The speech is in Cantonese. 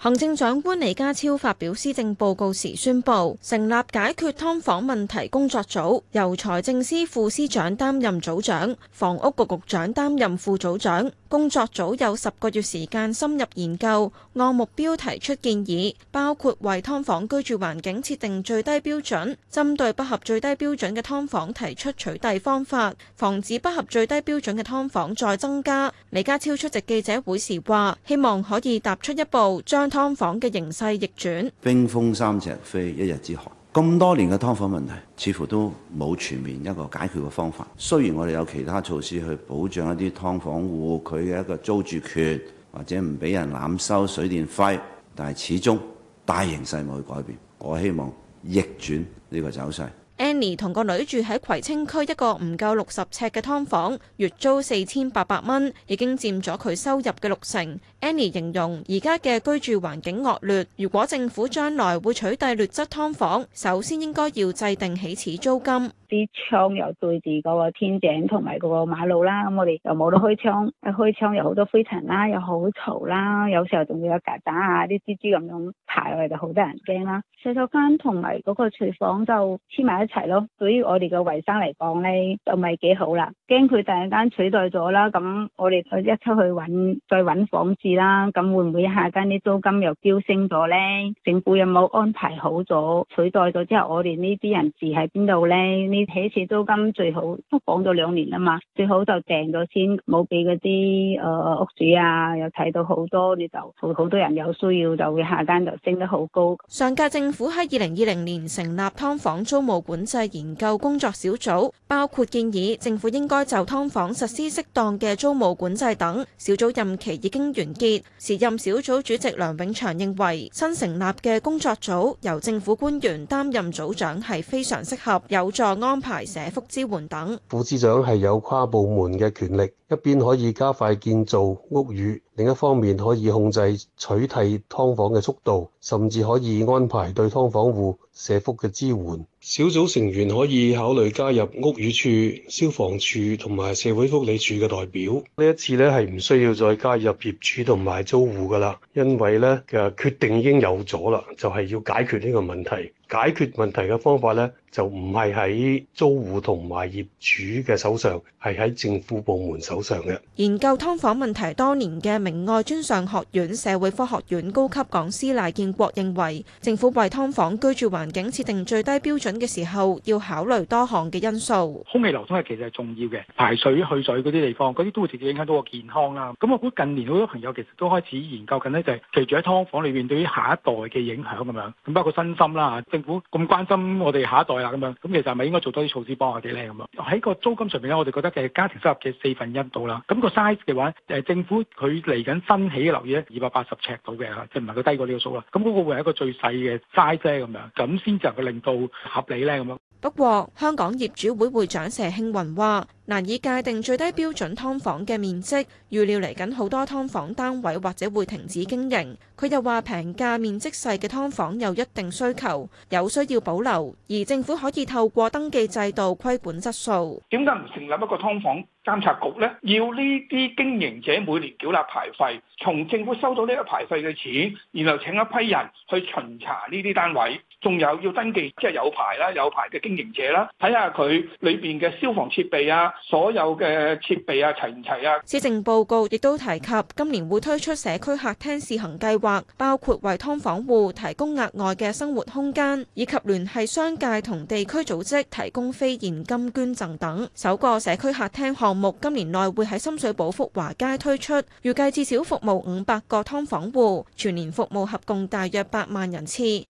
行政長官李家超發表施政報告時宣布，成立解決劏房問題工作組，由財政司副司長擔任組長，房屋局局長擔任副組長。工作組有十個月時間深入研究，按目標提出建議，包括為劏房居住環境設定最低標準，針對不合最低標準嘅劏房提出取締方法，防止不合最低標準嘅劏房再增加。李家超出席記者會時話，希望可以踏出一步，將劏房嘅形勢逆轉。冰封三尺非一日之寒。咁多年嘅劏房問題似乎都冇全面一個解決嘅方法。雖然我哋有其他措施去保障一啲劏房戶佢嘅一個租住權或者唔俾人濫收水電費，但係始終大型世務去改變，我希望逆轉呢個走勢。Annie 同個女住喺葵青區一個唔夠六十尺嘅劏房，月租四千八百蚊，已經佔咗佢收入嘅六成。Annie 形容而家嘅居住環境惡劣，如果政府將來會取締劣質劏房，首先應該要制定起始租金。啲窗又對住個天井同埋個馬路啦，咁我哋又冇得開窗，一開窗又好多灰塵啦，又好嘈啦，有時候仲要有曱甴啊、啲蜘蛛咁樣爬落嚟就好多人驚啦。洗手間同埋嗰個廚房就黐埋齊咯，對於我哋嘅衛生嚟講咧，就唔係幾好啦。驚佢突然間取締咗啦，咁我哋就一出去揾再揾房住啦，咁會唔會下間啲租金又飆升咗咧？政府有冇安排好咗取締咗之後，我哋呢啲人住喺邊度咧？呢起始租金最好都講咗兩年啦嘛，最好就訂咗先，冇俾嗰啲誒屋主啊，又睇到好多，你就好多人有需要就會下間就升得好高。上屆政府喺二零二零年成立劏房租務管管制研究工作小組，包括建議政府應該就劏房實施適當嘅租務管制等。小組任期已經完結，時任小組主席梁永祥認為新成立嘅工作組由政府官員擔任組長係非常適合，有助安排社福支援等。副司長係有跨部門嘅權力。一邊可以加快建造屋宇，另一方面可以控制取締劏房嘅速度，甚至可以安排對劏房戶社福嘅支援。小組成員可以考慮加入屋宇署、消防處同埋社會福利署嘅代表。呢一次咧係唔需要再加入業主同埋租戶噶啦，因為咧嘅決定已經有咗啦，就係、是、要解決呢個問題。解決問題嘅方法咧，就唔係喺租戶同埋業主嘅手上，係喺政府部門手上嘅。研究劏房問題多年嘅明愛專上學院社會科學院高級講師賴建國認為，政府為劏房居住環境設定最低標準嘅時候，要考慮多項嘅因素。空氣流通係其實係重要嘅，排水、去水嗰啲地方，嗰啲都會直接影響到個健康啦。咁我估近年好多朋友其實都開始研究緊呢就係居住喺劏房裏面對於下一代嘅影響咁樣，咁包括身心啦。政府咁關心我哋下一代啦，咁樣咁其實係咪應該做多啲措施幫我哋咧？咁樣喺個租金上面咧，我哋覺得就係家庭收入嘅四分一到啦，咁個 size 嘅話，誒政府佢嚟緊新起嘅樓嘅二百八十尺度嘅嚇，即係唔係佢低過呢個數啦？咁嗰個會係一個最細嘅 size 啫，咁樣咁先至能夠令到合理咧咁樣。不過，香港業主會會長謝慶雲話。難以界定最低標準劏房嘅面積，預料嚟緊好多劏房單位或者會停止經營，佢又話平價面積細嘅劏房有一定需求，有需要保留，而政府可以透過登記制度規管質素。點解唔成立一個劏房監察局咧？要呢啲經營者每年繳納牌費，從政府收到呢個牌費嘅錢，然後請一批人去巡查呢啲單位，仲有要登記即係、就是、有牌啦，有牌嘅經營者啦，睇下佢裏邊嘅消防設備啊。所有嘅設備啊，齊唔齊啊？施政報告亦都提及，今年會推出社區客廳試行計劃，包括為劏房戶提供額外嘅生活空間，以及聯繫商界同地區組織提供非現金捐贈等。首個社區客廳項目今年內會喺深水埗福華街推出，預計至少服務五百個劏房戶，全年服務合共大約百萬人次。